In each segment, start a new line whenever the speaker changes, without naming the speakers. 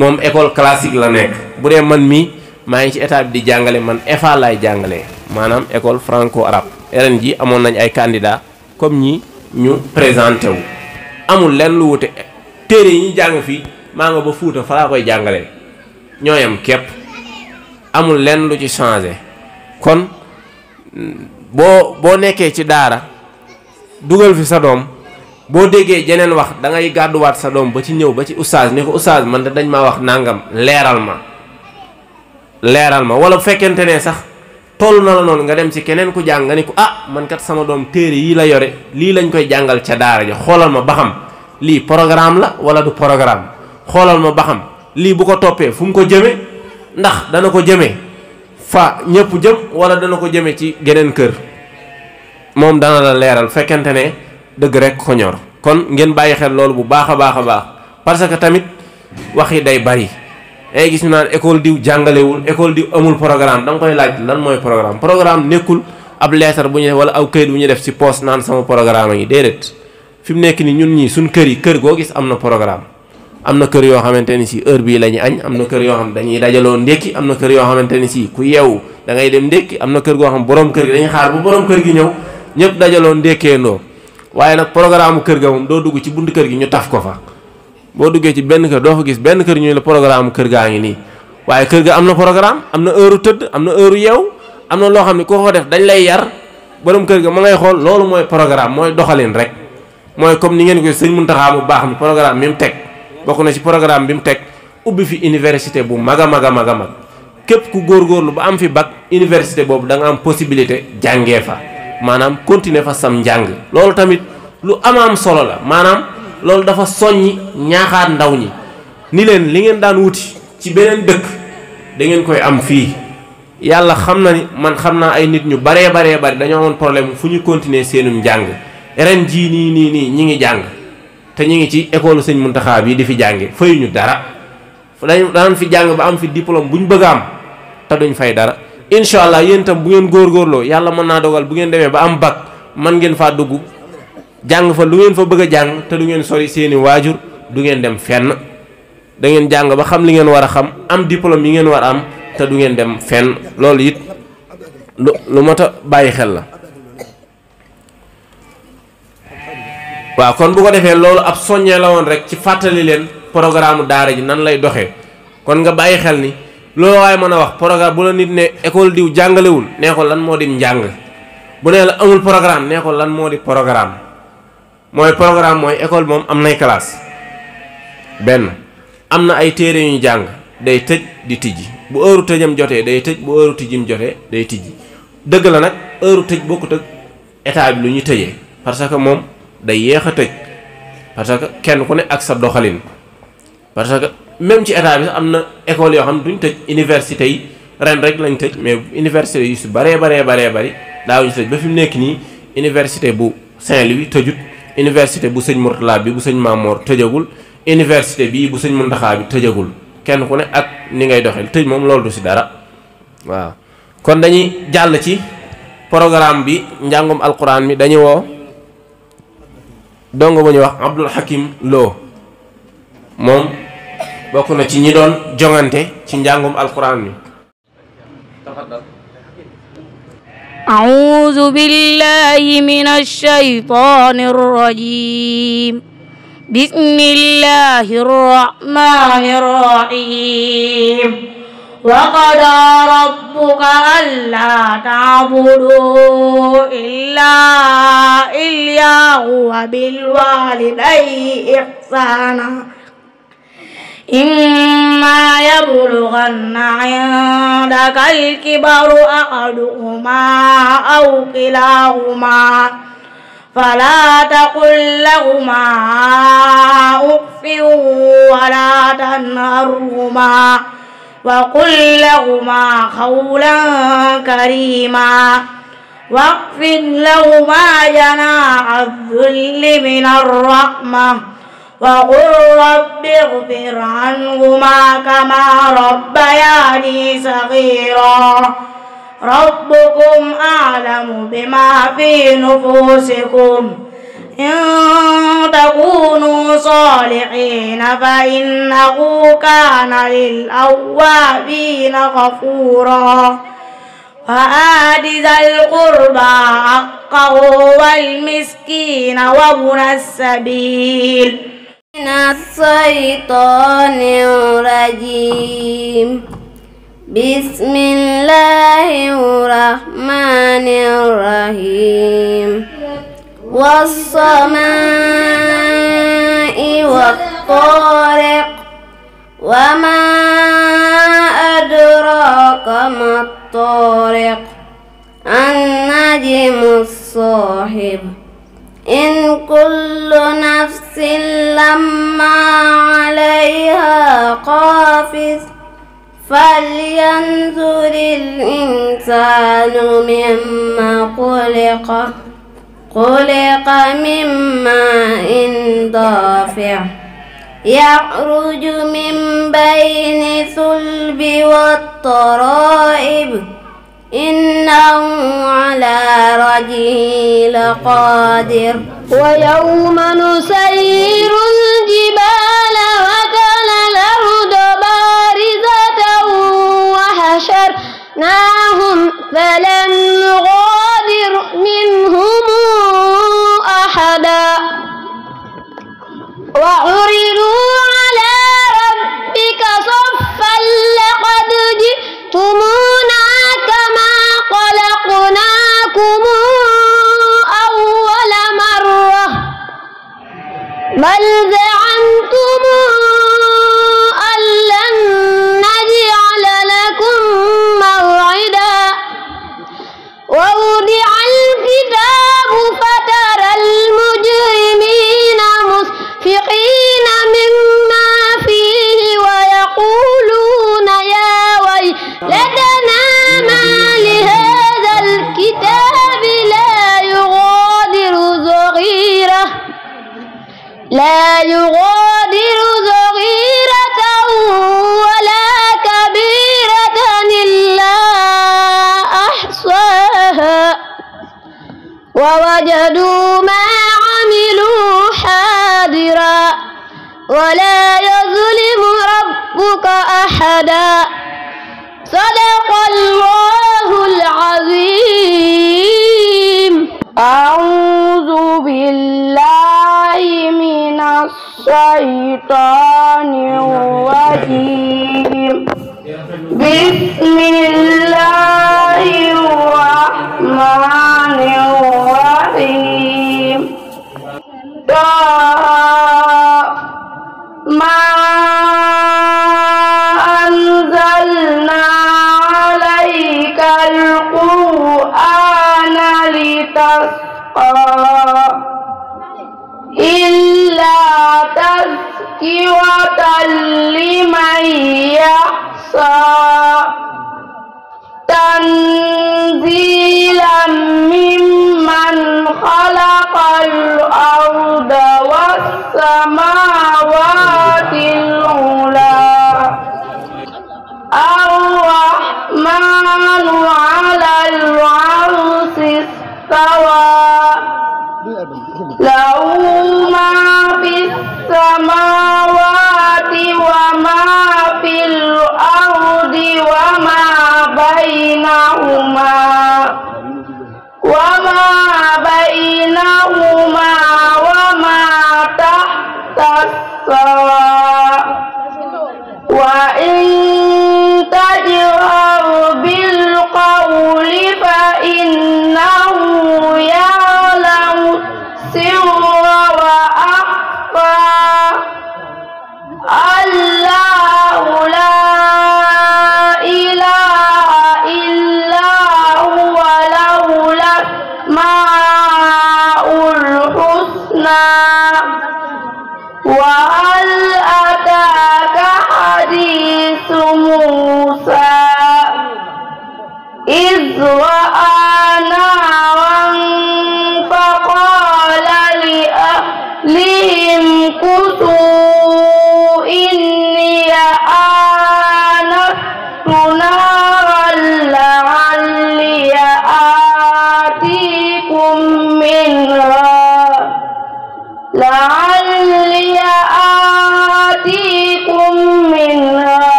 moom école classique la nekk bu dee man mii maa ngi ci état bi di jàngale man EFA laay jàngalee maanaam école franco arabe ren ji amoon nañ ay candidats comme ñi ñu présenté wu amul lenn lu wute téere yi ñu jàng fii maa nga ba fuuta fa laa koy jàngalee ñooyam képp amul lenn lu ci changé kon mm, boo boo nekkee ci daara dugal fi sa doom boo déggee jeneen wax da ngay gàdduwaat sa doom ba ci ñëw ba ci oustaz ni ko oustaz man de dañ maa wax nangam leeral ma leeral ma wala bu fekkente ne sax toll na la noonu nga dem ci keneen ku jàng nga ni ko ah man kat sama doom téere yi la yore lii lañ koy jàngal ca daara ja xoolal ma ba xam lii programme la wala du programme xoolal ma ba xam lii bu ko toppee fu mu ko jëme ndax dana ko jëme fa ñëpp jëm wala dana ko jëme ci geneen kër moom dana la leeral fekkente ne dëgg rek ko ñor kon ngeen bàyyi xel loolu bu baax a baax a baax parce que tamit wax yi day bari ay gis ñu naan école diw jàngalewul école diw amul programme da nga koy laaj lan mooy programme programme nekkul ab leetar bu ñu wala aw kayit bu ñu def ci poste naan sama programme yi déedéet fi mu nekk ni ñun ñii suñ kër yi kër goo gis am na programme am na kër yoo xamante ni si heure bii la ñu añ am na kër yoo xam dañuy dajaloo ndékki am na kër yoo xamante ni si ku yeewu da ngay dem ndékki am na kër goo xam borom kër gi xaar bu borom kër ñëw ñëpp dajaloo ndékkeendoo waye nak programme kër ga do dugg ci bunt kër gi ñu taf ko fa bo duggé ci benn kër do fa gis benn kër ñu la programme kër gaangi ni waye waaye kër ga amna programme amna heure teud amna heure yew amna lo xamni ko ko def dañ lay yar borom kër ga ma ngay xol lolu moy programme moy doxalin rek moy comme ni ngeen ko seigne muntaha mu bax ni programme mi tek bokku na ci programme bim tek fi université bu maga maga maga mag kep ku gor ku lu ba am fi bac université bobu da nga am possibilité jangé fa maanaam continuer fa sam njàng loolu tamit lu amaam solo la maanaam loolu dafa soññi ñaaxaat ndaw ñi ni leen li ngeen daan wuti ci beneen dëkk da ngeen koy am fii yàlla xam na ni man xam naa ay nit ñu baree baree bari dañoo amoon problème fu ñu continuer seenum njàng ren jii nii nii nii ñi ngi jàng te ñi ngi ci école sëñ Muntaxa bi di fi jànge fayuñu dara dañ daan fi jàng ba am fi diplôme bu ñu bëgg am te duñ fay dara inshallah yeen tam bu ngeen lo yalla mën na dogal bu ngeen deme ba am bac man ngeen fa duggu jang fa lu ngeen fa bëgg jang te du ngeen sori seeni wajur du ngeen dem fenn da ngeen jang ba xam li ngeen wara xam am diplôme yi ngeen war am te du ngeen dem fenn loolu yit lu mata bayyi xel la wa kon bu ko defé loolu ab soñé la won rek ci fatali len programme daara ji nan lay doxé kon nga bayyi xel ni loolu waaye mën a wax programme bu la nit ne école diw jàngalewul nee ko lan moo di njàng bu nee la amul programme nee ko lan moo di programme mooy programme mooy école moom am nay classe benn am na ay téere yu ñu jàng day tëj di tijji bu heure tëjam jotee day tëj bu heure tijjim jotee day tijji dëgg la nag heure tëj bokkut ak état lu ñu tëjee parce que moom day yéex a tëj parce que kenn ku ne ak sa doxalin parce que même ci état bi sax am na école yoo xam ne duñ tëj université yi ren rek lañ tëj mais université yu si baree baree baree bari daawuñu tëj ba fi mu nekk nii université bu Saint-Louis tëjut iniversité bu sëñ Mourtala bi bu sëñ Mamour tëjagul iniversité bii bu sëñ Mountakha bi tëjagul kenn ku ne ak ni ngay doxee tëj moom loolu du si dara waaw kon dañuy jàll ci programme bi njàngum alquran bi dañu woo dongo bu ñuy wax Abdul Hakim Lo moom bokuna ci ñi doon jongante ci njàngum alquran mi
أعوذ بالله من الشيطان الرجيم بسم الله الرحمن الرحيم وقضى ربك ألا تعبدوا إلا إياه وبالوالدين إحسانا إما يبلغن عندك الكبر أحدهما أو كلاهما فلا تقل لهما أف ولا تنهرهما وقل لهما قولا كريما واخفض لهما جناح الذل من الرحمه وقل رب اغفر عنهما كما ربياني صغيرا ربكم أعلم بما في نفوسكم إن تكونوا صالحين فإنه كان للأوابين غفورا وآت ذا القربى حقه والمسكين وابن السبيل من الشيطان الرجيم بسم الله الرحمن الرحيم والسماء والطارق وما أدراك ما الطارق النجم الصاحب إن كل نفس لما عليها قافز فلينظر الإنسان مما خلق خلق مما إن دافع يخرج من بين ثلب والترائب إنه على رجه لقادر ويوم
نسير الجبال وترى الأرض بارزة وحشرناهم فلم نغادر منهم أحدا وعرضوا
الشيطان
الرجيم
بسم الله الرحمن الرحيم ما تذكرة لمن يَحْصَى تنزيلا ممن خلق الأرض والسماوات العلى الرحمن على العرش استوى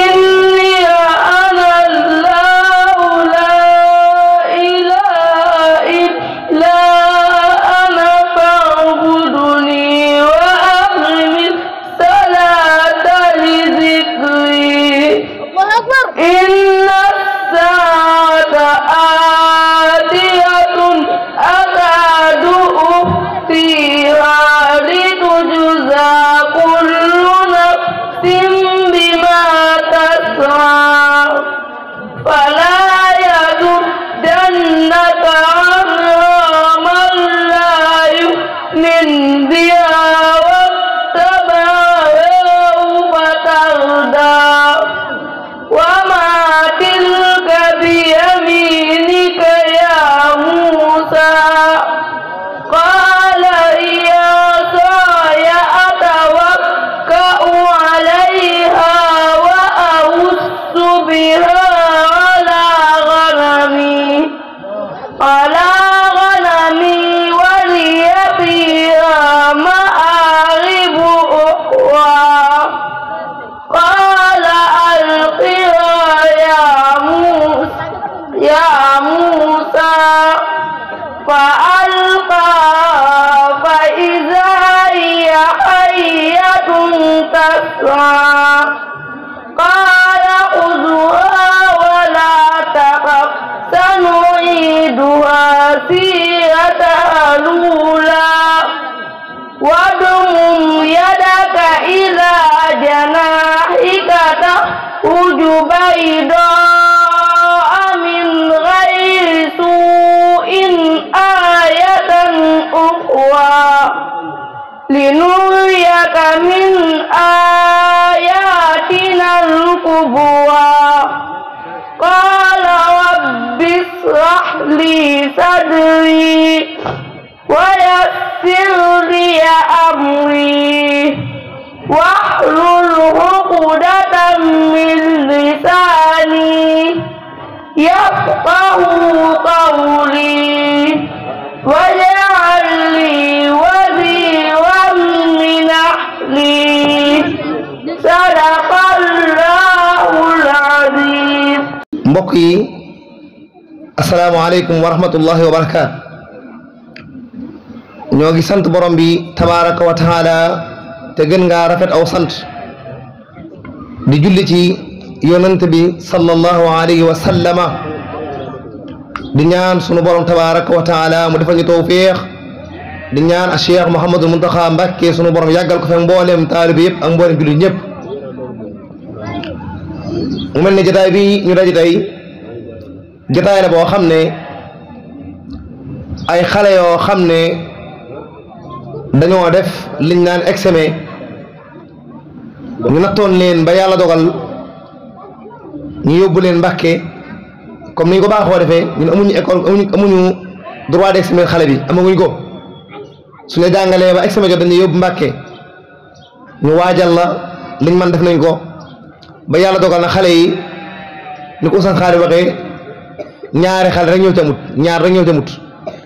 you. بيضاء من غير سوء آية أخرى لنريك من آياتنا الكبرى قال رب اشرح لي صدري ويسر لي أمري واحلل عقدة من لساني يفقه قولي واجعل لي وزيرا من أهلي صدق الله العظيم
مقي السلام عليكم ورحمة الله وبركاته نوغي سنت برمبي تبارك وتعالى te gën ngaa rafet aw sant di julli ci bi sallallahu alayhi wa di ñaan sunu borom tabaraka wa taala mu defal ñu di ñaan a cheikh Mouhamadul Muntaxa Mbàkke sunu borom yàggal ko fekk mboolem taalibi yëpp ak mboolem julli ñëpp mu mel ne jotaay bi ñu daje tey la boo xam ne ay xale yoo xam ne dañoo def liñ naan examen ñu nattoon leen ba yàlla dogal ñu yóbbu leen mbàkke comme niñ ko baaxoo defee ñun amuñu école amuñu amuñu droit d'examen xale bi amaguñ ko su jàngalee ba examen jot dañuy yóbbu mbàkke ñu waajal la liñ man def nañ ko ba yàlla dogal na xale yi ni ko usan xaari waxee ñaari xale rek ñoo ci ñaar rek ñëw jamut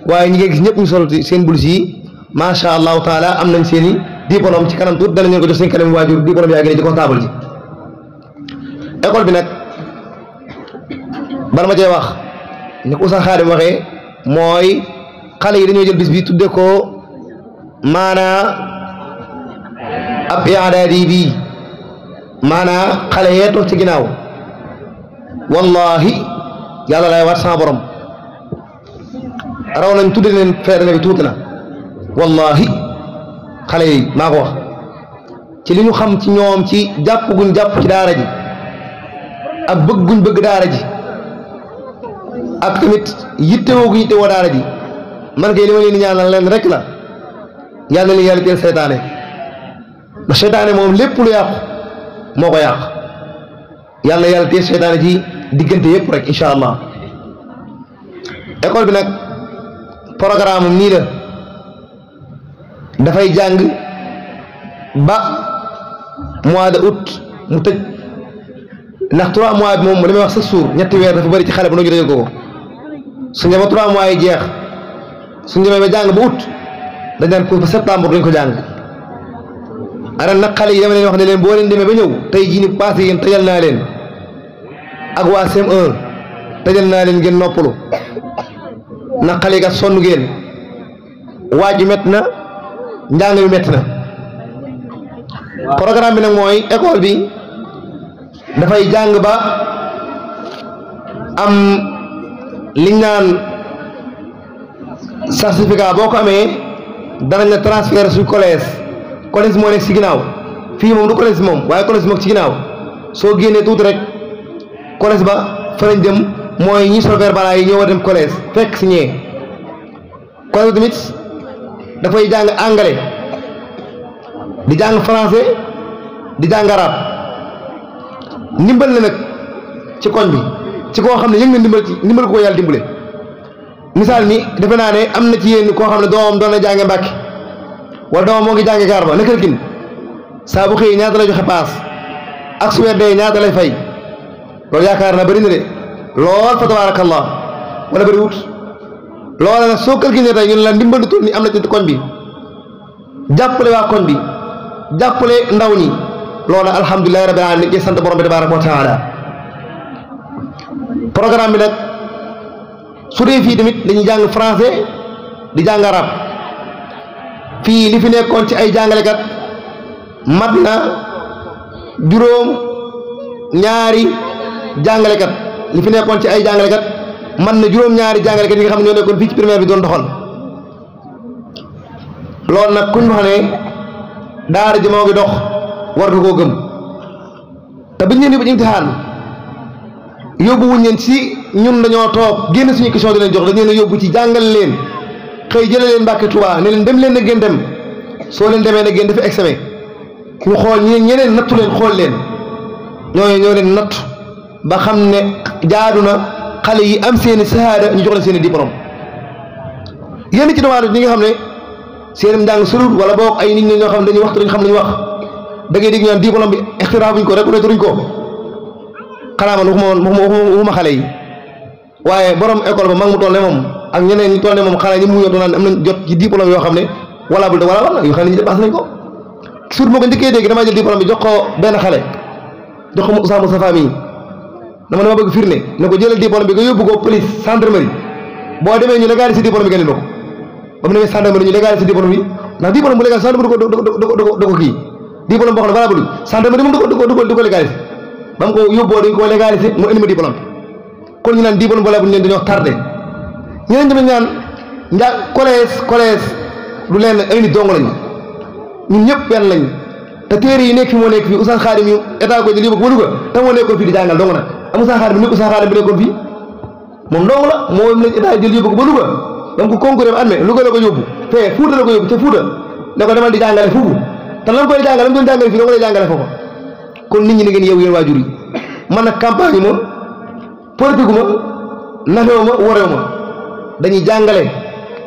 waaye ñi ngay gis ñëpp ñu solo seen bulus yi macha allahu taala am nañ seen i diplôme ci kanam tuut dana leen ko jox seen kanam waajur diplôme yaa ngi nii ci comptable ji école bi nag bala ma cee wax ni ko Oustaz Xaadim waxee mooy xale yi dañoo jël bis bi tudde ko maanaa ab iadaadi bii maanaa xale yee toog ci ginnaaw wallahi yàlla lay waat sama borom raw nañ tudde leen feere na bi tuuti na wallahi xale yi maa ko ci li ñu xam ci ñoom ci jàpp guñ jàpp ci daara ji ak bëgg guñ bëgg daara ji ak tamit yittewoo guñ yittewoo daara ji man kay li ma leen ñaanal leen rek la yàlla li leen yàlla teel seytaane ndax seytaane moom lépp lu yàqu moo ko yàq yàlla yàlla teel seytaane ci diggante yëpp rek incha allah école bi nag programme am nii la dafay jàng ba mois de août mu tëj ndax trois mois bi moom li may wax sa suur ñetti weer dafa bëri ci xale bu ñu tëjal ko ko su ñu demee trois mois yi jeex su ñu demee ba jàng ba août dañ daan ko ba septembre duñ ko jàng aren nag xale yi dama leen wax ne leen boo leen demee ba ñëw tey jii ni yi yéen tëjal naa leen ak waa CM1 tëjal naa leen ngeen noppalu nag xale yi kat sonn ngeen waaju met na njàng bi métti na programme bi nag mooy école bi dafay jàng ba am liñ naan certificat boo ko amee danañ la transfert su collège collège moo nekk si ginnaaw fii moom du collège moom waaye collège moom ci ginnaaw soo génnee tuuti rek collège ba fa lañ jëm mooy ñi solver balaa yi ñoo dem collège fekk si ñee collège tamit dafay jàng anglais di jàng français di jàng arab ndimbal la nag ci koñ bi ci koo xam ne yëg na ndimbal ci ndimbal ko yàlla dimbale misaal mi defe naa ne am na ci yéen koo xam ne doomam doon a jànge mbàkki wala doomam moo ngi jànge gaar ba na kër kin saa ñaata la joxe paas ak su dee ñaata lay fay loolu yaakaar na bëri na de lool fa tabaarakallah wala bëri wut loola nag soo calculé tey ñun la ndimbalu tool ni am na ci koñ bi jàppale waa koñ bi jàppale ndaw ñi loola alhamdulilahi rabbil alamin ci sant borom bi tabaraka wa taala programme bi nag su dee fii tamit dañuy jàng français di jàng fii li fi nekkoon ci ay jàngalekat mat na juróom ñaari jàngalekat li fi nekkoon ci ay jàngalekat man na juróom-ñaari jàngalekat yi nga xam ne ñoo nekkoon fii ci primaire bi doon doxal loolu nag kuñ wax ne daara ji moo ngi dox war nga koo gëm te biñ leen di ba imtihaan yóbbu wuñ leen si ñun dañoo toog génn suñu question di leen jox dañ leen yóbbu ci jàngal leen xëy jële leen Mbàkke ne leen dem leen na gën dem soo leen demee na gën dafa examen ñu xool ñeneen ñeneen nattu leen xool leen ñooñu ñoo leen natt ba xam ne jaadu na xale yi am seeni sahaada ñu jox leen seeni diplôme yenn ci doomu ñi nga xam ne seen ndàng soriwul wala boog ay nit ñi ñoo xam ne dañuy waxtu dañu xam lañu wax da ngay dégg ñu naan diplôme ko reconnaître uñ ko xanaa man waxuma waxuma xale yi waaye borom école ba mag mu toll ne moom ak ñeneen ñu toll ne moom xanaa ñi mu ñëw doon naan am nañ jot ci diplôme yoo xam ne wala bul wala wala yoo xam ne ñu dépassé nañ ko suur moo ko njëkkee dégg damaa jël diplôme bi jox ko benn xale jox ko Moussa Moustapha mii na ma dama bëgg firnde ne ko jëlal diplôme bi nga yóbbu ko police gendarmerie boo demee ñu légaliser diplôme bi nga ne ko ba mu demee gendarmerie ñu légaliser diplôme bi ndax diplôme bu légal ko du ko du ko kii diplôme boo xam ko du ko du ko légaliser ba mu ko yóbboo dañ ko légaliser mu indi ma kon ñu naan diplôme valable ñu leen dañoo tardé ñeneen tamit ñaan nja ñëpp benn lañu te téere yi nekk fi moo nekk fi Oustaz Xaadim yu état ko di lii ko ba Louga te moo nekkoon fii di jàngal dong na amul saxaar bi nekkul saxaar bi nekkoon fii moom dong la moom lañ état jël yóbbu ko ba Louga dama ko concouré am amee Louga la ko yóbbu fee Fuuta la ko yóbbu ca Fuuta da ko di jàngale foofu te lan koy jàngale lan koy jàngale fii dong lay jàngale foofa kon nit ñi ni ngeen yow yéen waajur yi man nag campagne ma politique ma nafewu ma warewu ma dañuy jàngale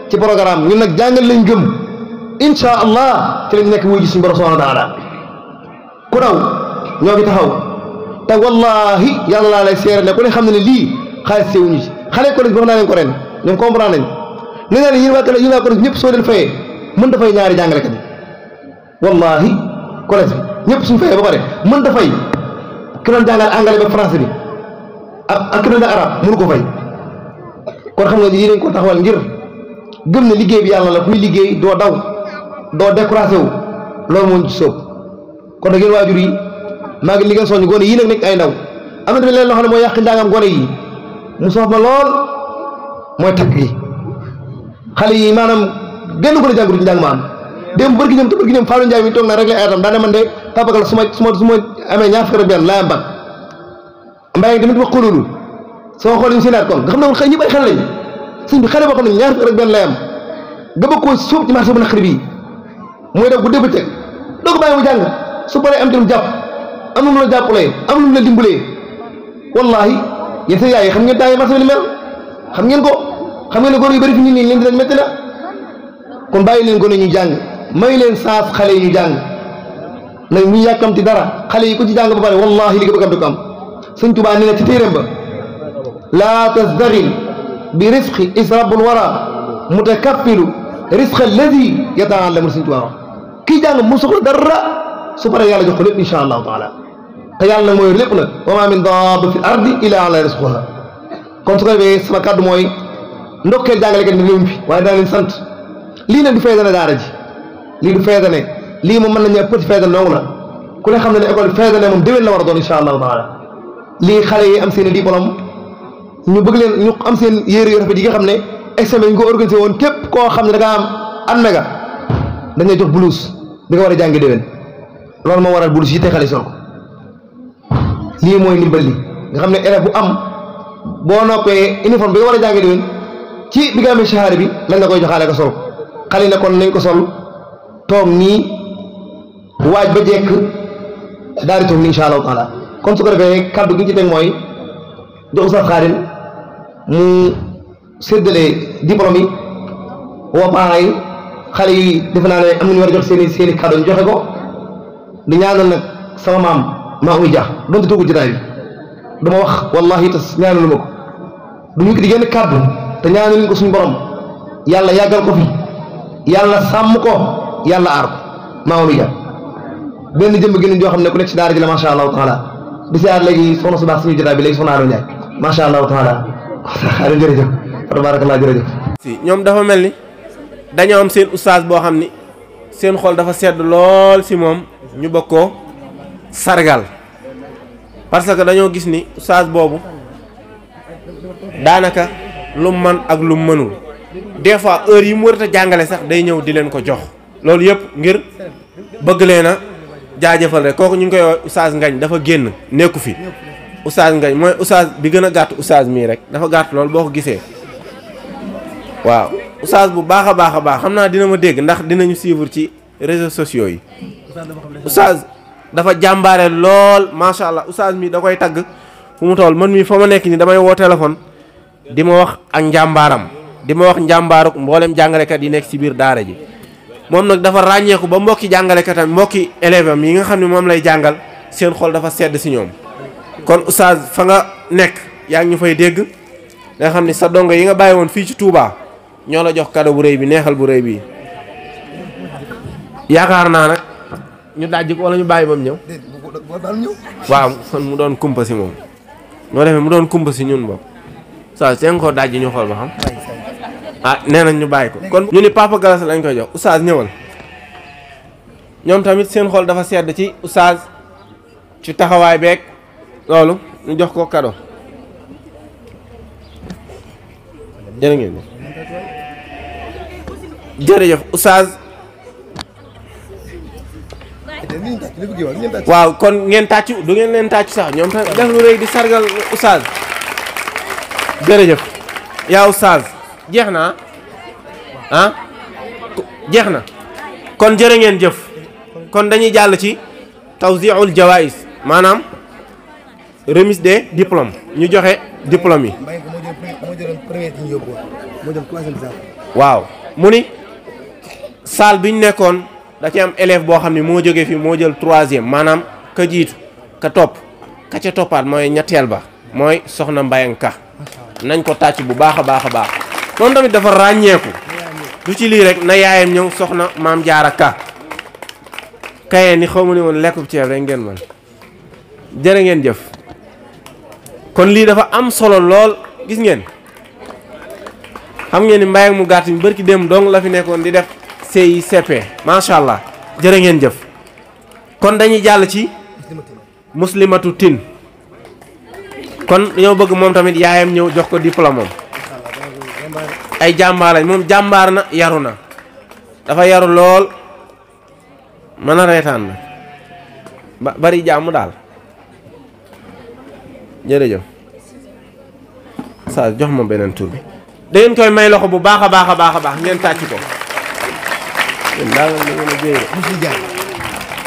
ci programme ñun nag jàngale lañ gëm incha allah ci lañ nekk wuy ji suñu borom subhanahu wa taala ku daw ñoo taxaw te wallaahi yàlla laa lay seere ne ku xam ne ne lii xaalis sewuñu ci xale collège bi wax naa leen ko ren ñoom comprendre nañ ne naa leen yéen waa yéen waa collège ñëpp soo leen fayee ñaari jàngalekat yi wallaahi collège ñëpp suñu fayee ba pare mën dafay ki doon jàngal anglais ba français bi ak ak ki doon jàngal ko fay kon xam nga yéen a ngi ko taxawal ngir gëm ne liggéey bi yàlla la kuy liggéey doo daw doo découragé wu loolu moo ñu kon nag yéen maa ngi liggéey soññ gone yii nag nekk ay ndaw am na tamit leen loo ne mooy yàq njàngam gone yi mu soof ma lool mooy takk gi xale yi maanaam genn ko la jàngu ci ma am démb bërki ñoom te bërki ñoom Fallou Ndiaye mi toog na rek la ayatam daa ne man amee ñaar fukki laa am bag mbaye tamit wax ko soo xool ñu si kon nga xam ne woon xëy ñëpp ay xale lañ sëñ bi xale boo xam ne ñaar fukki ak benn lay am nga bëgg teg doo ko bàyyi mu jàng su paree am ci lu am lu mu la jàppalee am lu mu la dimbalee wallahi yéen seen yaay yi xam ngeen temps yi marché bi xam ngeen ko xam ngeen ne góor yu bëri fi ñu nii leen dinañ métti na kon bàyyi leen gone ñu jàng may leen saas xale yi ñu jàng nag ñu ti dara xale yi ko ci jàng ba pare wallahi li ka bëgg am du ko am sëñ Tuubaa nee na ci téeréem ba laa tasdaril bi risqi israbul wara mutakappilu risqa alladi yataallamu sëñ Tuubaa wax kii jàng mu soxla dara su paree yàlla jox ko lépp taala te yàlla nag mooy lépp nag wa maa min daabbatin fil ardi illaa alaa rizquhaa kon su ko defee sama kàddu mooy ndokkeel jàngalekat ni réew mi fi waaye dana leen sant lii nag du feesane daara ji lii du feesane lii moom mën nañu ëpp ci feesane dong la ku ne xam ne ne école feesane moom déwén la war a doon incha allahu taala lii xale yi am seen i ñu bëgg leen ñu am seen yére yu yi nga xam ne examen yi ñu ko organisé woon képp koo xam ne da ngaa am an mega dañuy jox blouse bi war a jàngi déwén loolu moo waral blouse yi te xale sol lii mooy ndimbal li nga xam ne élève bu am boo noppee uniforme bi war a jàngee déwén ci bi nga amee sahaada bi la koy joxale ko sol xale yi ne kon nañ ko sol toog nii waaj ba jekk daal di toog nii incha allahu taala kon su ko defee kaddu gi ci teg mooy jox sa xaarin mu séddale diplôme yi woo xale yi defe naa ne am nañu war a jox seen i seen i kaddu ñu ñaanal nag sama maam. maa uy jaax donte toogul jotaay bi dama wax wallahi tas ñaanalu ma ko du ñu ko di génn kàddu te ñaanaluñ ko suñu borom yàlla yàggal ko fi yàlla sàmm ko yàlla aar ko maa uy jaax benn jëmb gën joo xam ne ku nekk ci daara ji la macha allahu taala di siyaar léegi soxna na baax suñu jotaay bi
léegi soxna Arouna Ndiaye macha allahu taala xaaral jërëjëf tabarakallah jërëjëf si ñoom dafa mel ni dañoo am seen oustaz boo xam ni seen xol dafa sedd lool si moom ñu bokkoo sargal parce que dañoo gis ni oustaz boobu daanaka lu mu man ak lu mu mënul des fois heure yi mu war jàngale sax day ñëw di leen ko jox loolu yëpp ngir bëgg leen a jaajëfal rek kooku ñu ngi koy wax oustaz ngañ dafa génn nekku fi oustaz ngañ mooy oustaz bi gën a gàtt oustaz mii rek dafa gàtt loolu boo ko gisee waaw oustaz bu baax a baax a baax xam naa dina ma dégg ndax dinañu suivre ci réseaux sociaux yi oustaz dafa jàmbaare lool macha allah oustaz mi da koy tagg fu mu tool man mii fa ma nekk nii damay woo téléphone di ma wax ak njàmbaaram di ma wax njàmbaaruk mboolem jàngalekat yi nekk ci biir daara ji moom nag dafa ràññeeku ba mbokki jàngalekatam mbokki élève am yi nga xam ne moom lay jàngal seen xol dafa sedd ci ñoom kon oustaz fa nga nekk yaa ñu fay dégg nga xam ne sa dongo yi nga bàyyi woon fii ci Touba ñoo la jox cadeau bu rëy bi neexal bu rëy bi ñu dajji ko wala ñu bàyyi ba mu ñëw. waaw kon mu doon kumpa si moom. moo defee mu doon kumpa si ñun bopp saa seen koo dajji ñu xool ba xam. ah nee nañ ñu bàyyi ko kon. ñu ni Papa Gallas lañ koy jox oustaz ñëwal ñoom tamit seen xool dafa sedd ci oustaz ci taxawaay beek loolu ñu jox ko kado jërë ngeen jëf jërëjëf waaw kon ngeen tàccu du ngeen leen tàccu sax ñoom tam def lu rëy di sargal oustaz jërëjëf yaa oustaz jeex na ah jeex na kon jërë ngeen jëf kon dañuy jàll ci taw tawziul jawais maanaam remise de diplômes ñu joxe diplôme yi waaw mu ni salle bi ñu nekkoon da ci am élève bo xamni mo joggé fi mo jël 3e manam ka jitu ka top ka ca topat moy ñettel ba moy soxna mbayang nañ ko tacc bu baaxa baaxa baax non tamit dafa ràññeeku du ci li rek na yaayam ñew soxna mam jaara ka ni xaw ni won lekku ci rek ngeen man jere ngeen jëf kon li dafa am solo lol gis ngeen xam ngeen ni mu dem dong la fi nekkon di def CICP macha allah jërë ngeen jëf kon dañuy jàll ci muslimatu tin kon dañoo bëgg moom tamit yaayam ñëw jox ko diplôme
am
ay jàmbaar lañ moom jàmbaar na yaru na dafa yaru lool mën a reetaan na bari jàmm daal jërëjëf saa jox ma beneen tur bi da ngeen koy may loxo bu baax a baax a baax a baax ngeen tàcc ko yéen daal la ngeen a jëyee. Musli Diagne.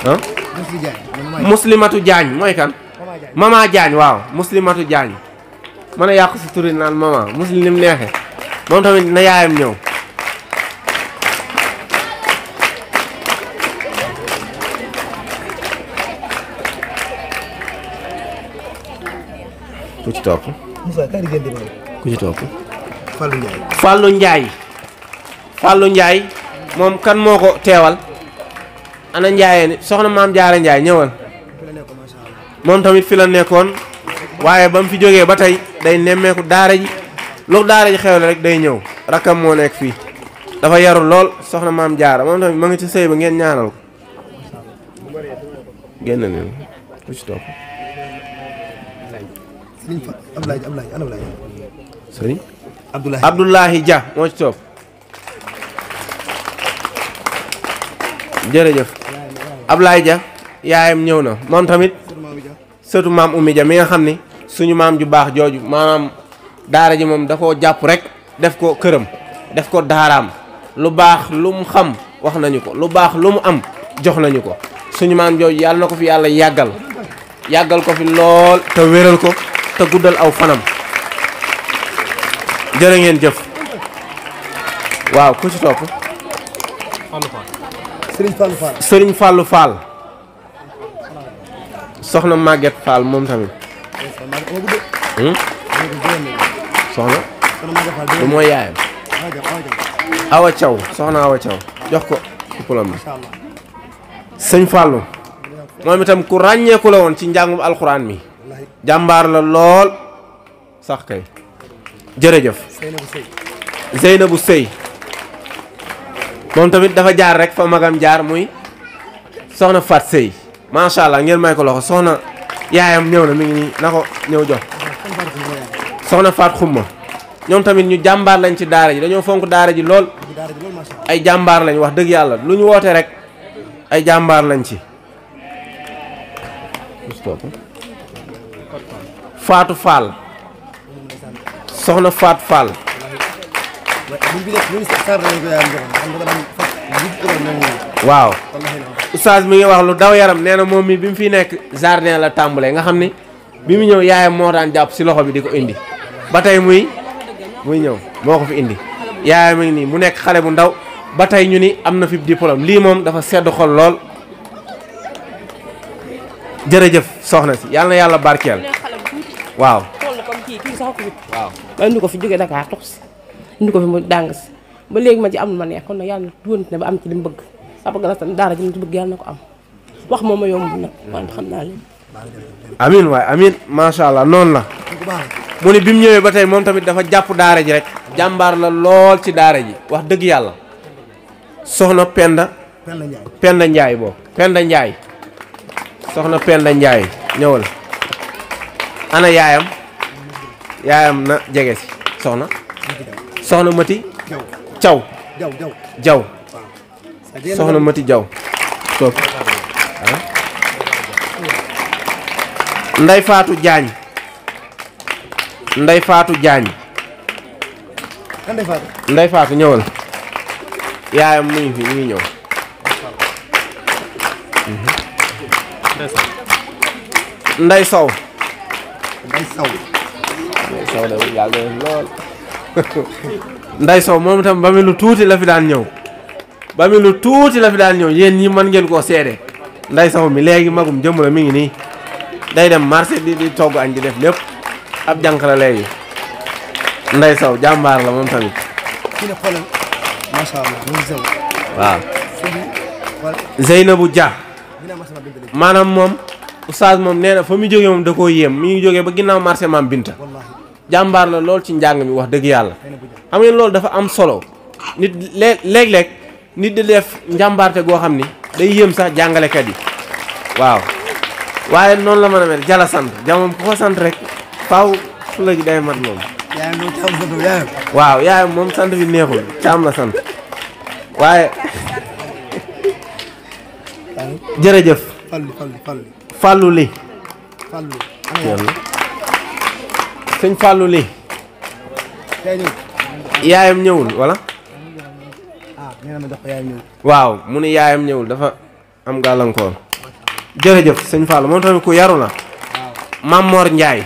ah.
Musli Diagne.
Muslimatu Diagne mooy kan. Mama Diagne waaw Muslimatu Diagne. mën a yàqu si turi naan mama muslim ni mu moom tamit na yaayam ñëw. ku ci topp. ku ci topp. Fallou Ndiaye. Fallou Ndiaye. moom kan moo ko teewal ana Ndiaye soxna maam Jaara Ndiaye ñëwal moom tamit fi la nekkoon waaye ba mu fi jógee ba tey day nemmeeku daara ji lu daara ji xewle rek day ñëw rakkam moo nekk fii dafa yaru lool soxna maam Jaara moom tamit ma ngi ci sëy ba ngeen ñaanal ko génn leen moo ci topp jërëjëf Ablaye Dia yaayam ñëw na moom tamit surtout maam Oumy Dia mi nga xam ni suñu maam ju baax jooju maanaam daara ji moom da jàpp rek def ko këram def ko daaraam lu baax lu mu xam wax nañu ko lu baax lu mu am jox nañu ko suñu maam jooju yàlla na ko fi yàlla yàggal yàggal ko fi lool te wéral ko te guddal aw fanam jërë ngeen jëf waaw ku ci topp Serigne Fallou Fall soxna Maguette Fall moom tamit. Hmm? soxna. du mooy yaayam. Awa Thiaw soxna Awa Thiaw jox ko diplôme bi. sëñ Fallou. moom itam ku ràññeeku la woon ci njàngum alxuraan mi. jàmbaar la lool sax kay. jërëjëf. Zeynabou Sey. moom tamit dafa jaar rek fa magam jaar muy soxna faat Sey macha allah ngeen may ko loxo soxna yaayam ñëw na mi ngi nii na ko ñëw jox soxna Fat Xumma ñoom tamit ñu jàmbaar lañ ci daara ji dañoo fonk daara ji lool ay jàmbaar lañ wax dëgg yàlla lu ñu woote rek ay jàmbaar lañ ci Faatu Fall soxna Faat Fall Wow. oustaz mi ngi wax lu daw yaram nee na moom mi bi fi nekk jardin la tàmbalee nga Wow. Wow. Wow. Wow. Wow. Wow. Wow. daan Wow. Wow. loxo bi di Wow. indi Wow. Wow. muy muy Wow. Wow. Wow. fi indi Wow. Wow. Wow. mu Wow. Wow. bu ndaw Wow. Wow. ñu ni Wow. Wow. fi diplôme Wow. Wow. dafa sedd xol Wow. Wow. soxna Wow. Wow. Wow. Wow. Wow. Wow. wow. wow. wow. wow. wow. wow. wow.
Wow indi mu dàng si ba léegi ma ci am lu ma neex kon nag yàlla na duwante ne ba am ci li mu bëgg Papa Gallas daara ji mu bëgg yàlla na ko am
wax moom ma yomb nag wante xam naa waay amin macha allah noonu mu ne bi mu ñëwee ba tey moom tamit dafa jàpp daara ji rek jàmbaar la lool ci daara ji wax dëgg yàlla soxna Penda Penda Njaay boo Penda Njaay soxna Penda Njaay ñëwal ana yaayam yaayam na jege si soxna soxna Mati. Thiaw Thiaw Jaw soxna Mati Jaw toog Ndey Fatou Diagne Ndey Fatou Diagne Ndey Fatou ñëwal yaayam mu ngi fi ñu ngi ñëw mhm. Ndey Sow Ndey Sow Ndey Sow de yàgg lool nday Sow moom itam ba mu lu tuuti la fi daan ñëw ba mu lu tuuti la fi daan ñëw yéen ñi mën ngeen ko seede nday Sow mi léegi magum jëmm la mi ngi nii day dem marché di di togg añ di def lépp ab jànq la léegi nday Sow jàmbaar la moom tamit.
kii la xoolal macha allah.
waaw. Zeynabu Dia. maanaam moom oustaz moom nee na fa mu jógee moom da koo yéem mi ngi jógee ba ginnaaw marché maam Binta. jàmbaar la lool ci njàng mi wax dëgg yàlla xam ngeen loolu dafa am solo nit léeg-léeg nit di def njàmbaarte goo xam ni day yéem sax jàngalekat yi waaw waaye noonu la mën a mel jala sant jamoom ku ko sant rek faaw fu la ji day mat moom waaw yaayam moom sant bi neexul caam la sant waaye jërëjëf fàllu fàllu li sëñ Fallou li yaayam ñëwul wala ah, waaw mu ne yaayam ñëwul dafa am gàllankoor jërëjëf sëñ Fallou moom tamit ku yaru la Mamor Ndiaye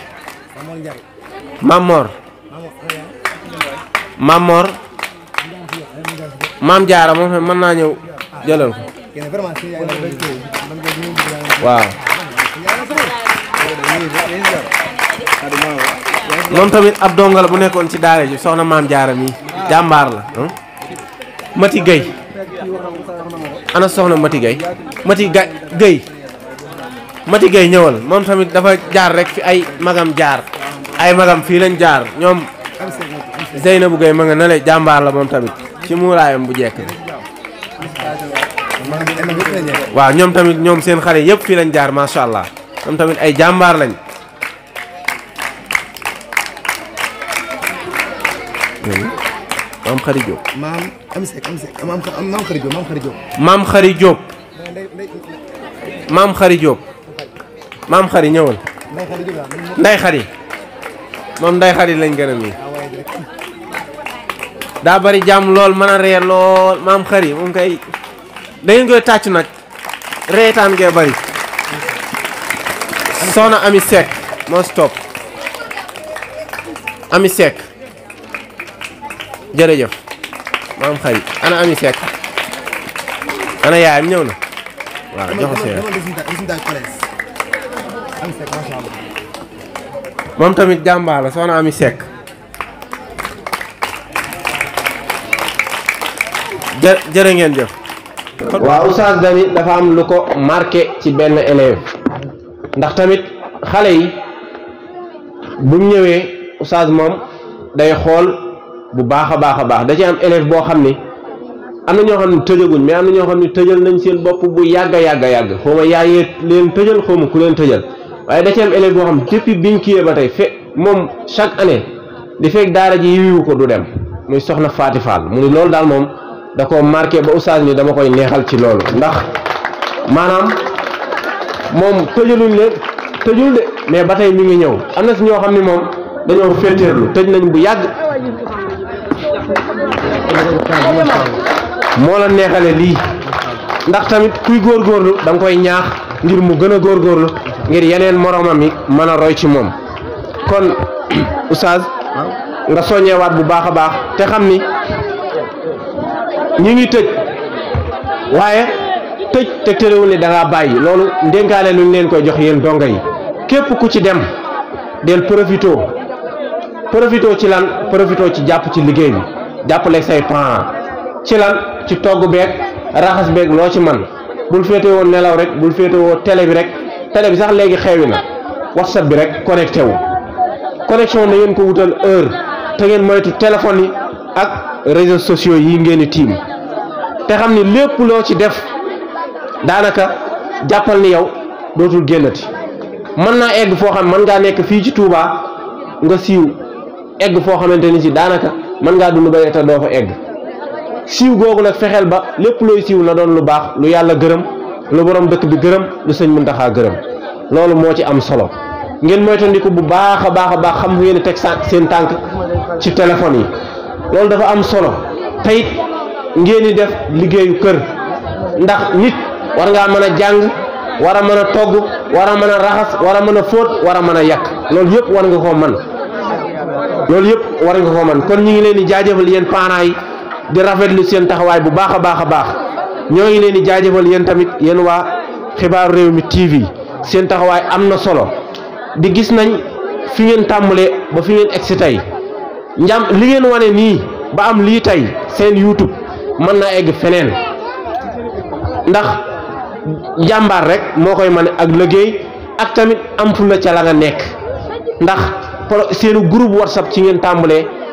Mamor Mamor Maam Jaara moom tamit mën naa ñëw jëlal ah, waaw moom tamit ab donga la bu nekkoon ci daara ji soxna maam jaaram yi jàmbaar la Mati Gueye ana soxna Mati Gueye Mati Gueye Mati Gueye ñëwal moom tamit dafa jaar rek fi ay magam jaar ay magam fii lañ jaar ñoom Zeynabu gay ma nga nale jàmbaar la moom tamit ci muuraayam bu jekk waaw ñoom tamit ñoom seen xale yëpp fii lañ jaar macha allah ñoom tamit ay jàmbaar lañ maam Xari Diop. maam
am Seck am Seck maam Xari Diop
maam Xari Diop. maam Xari Diop. maam Xari Diop. Xari ñëwal. Nday Xari. moom Nday Xari lañ gën a
ah,
daa bari jàmm lool mën a ree lool maam Xari moom kay. da ngeen koy tàcc nag. reetaan gee bari. soxna Ami Seck moo stop. Ami Seck. jërëjëf maam xari ana ñëw na waaw moom tamit jàmbaar la soxna ami Seck jë ngeen jëf. waaw oustaz dani dafa am lu ko marqué ci benn élève ndax tamit xale yi bu ñëwee oustaz moom day xool. bu baax a baax a baax da ci am élève boo xam ni am na ñoo xam ne tëjaguñ mais am na ñoo xam ne tëjal nañ seen bopp bu yàgg yàgga yàgg a yàgg xaw ma yaayee leen tëjal xaw ma ku leen tëjal waaye da ci am élève boo xam ne depuis biñ kiyee ba tey fe moom chaque année di fekk daara ji yiwu ko du dem muy soxna Faati Fall mu ni loolu daal moom da ko marqué ba oustaz ni dama koy neexal ci loolu ndax maanaam moom tëjaluñ leen tëjul de mais ba tey mu ngi ñëw am na xam ne moom dañoo féeteerlu nañ bu yàgg moo la neexale lii ndax tamit kuy góor da nga koy ñaax ngir mu gën a góorgóorlu ngir yeneen moromam yi mën a roy ci moom kon oustaz nga soññewaat bu baax a baax te xam ni ñi ngi tëj waaye tëj te tëréwul ne da bàyyi loolu ndénkaale lu ñu leen koy jox yéen donga yi képp ku ci dem del profito profito ci lan profito ci jàpp ci liggéey bi jàppale say parents ci lan ci togg beeg raxas beeg loo ci man bul féetewoo nelaw rek bul féetewoo télé bi rek télé bi sax léegi xewi na whatsapp bi rek connecté wu connexion na ngeen ko wutal heure te ngeen moytu téléphone yi ak réseaux sociaux yi ngeen di tiim te xam ni lépp loo ci def daanaka jàppal ni yow dootul génnati mën naa egg foo xam mën ngaa nekk fii ci Touba nga siiw egg foo xamante ni ci daanaka man ngaa dund ba dee te doo fa egg siiw googu nag fexeel ba lépp looy siiw na doon lu baax lu yàlla gërëm lu boroom dëkk bi gërëm lu sëñ Muntaxa gërëm loolu moo ci am solo ngeen moytandiku bu baax a baax a baax xam ngeen teg seen tànk ci téléphone yi loolu dafa am solo teyit ngeen di def liggéeyu kër ndax nit war ngaa mën a jàng war a mën a togg war a mën a raxas war a mën a fóot war a mën a yàq loolu yëpp war nga koo mën loolu yëpp war nga ko man kon ñu ngi leen di jaajëfal yéen parents yi di rafetlu seen taxawaay bu baax a baax a baax ñoo ngi leen di jaajëfal yéen tamit yéen waa xibaaru réew mi TV seen taxawaay am na solo di gis nañ fi ngeen tàmbalee ba fi ngeen si tey njàm li ngeen wane nii ba am lii tey seen YouTube mën naa egg feneen ndax jàmbaar rek moo koy mën ak liggéey ak tamit am fu la ca la nekk ndax. seenu groupe whatsapp ci ngeen tàmbalee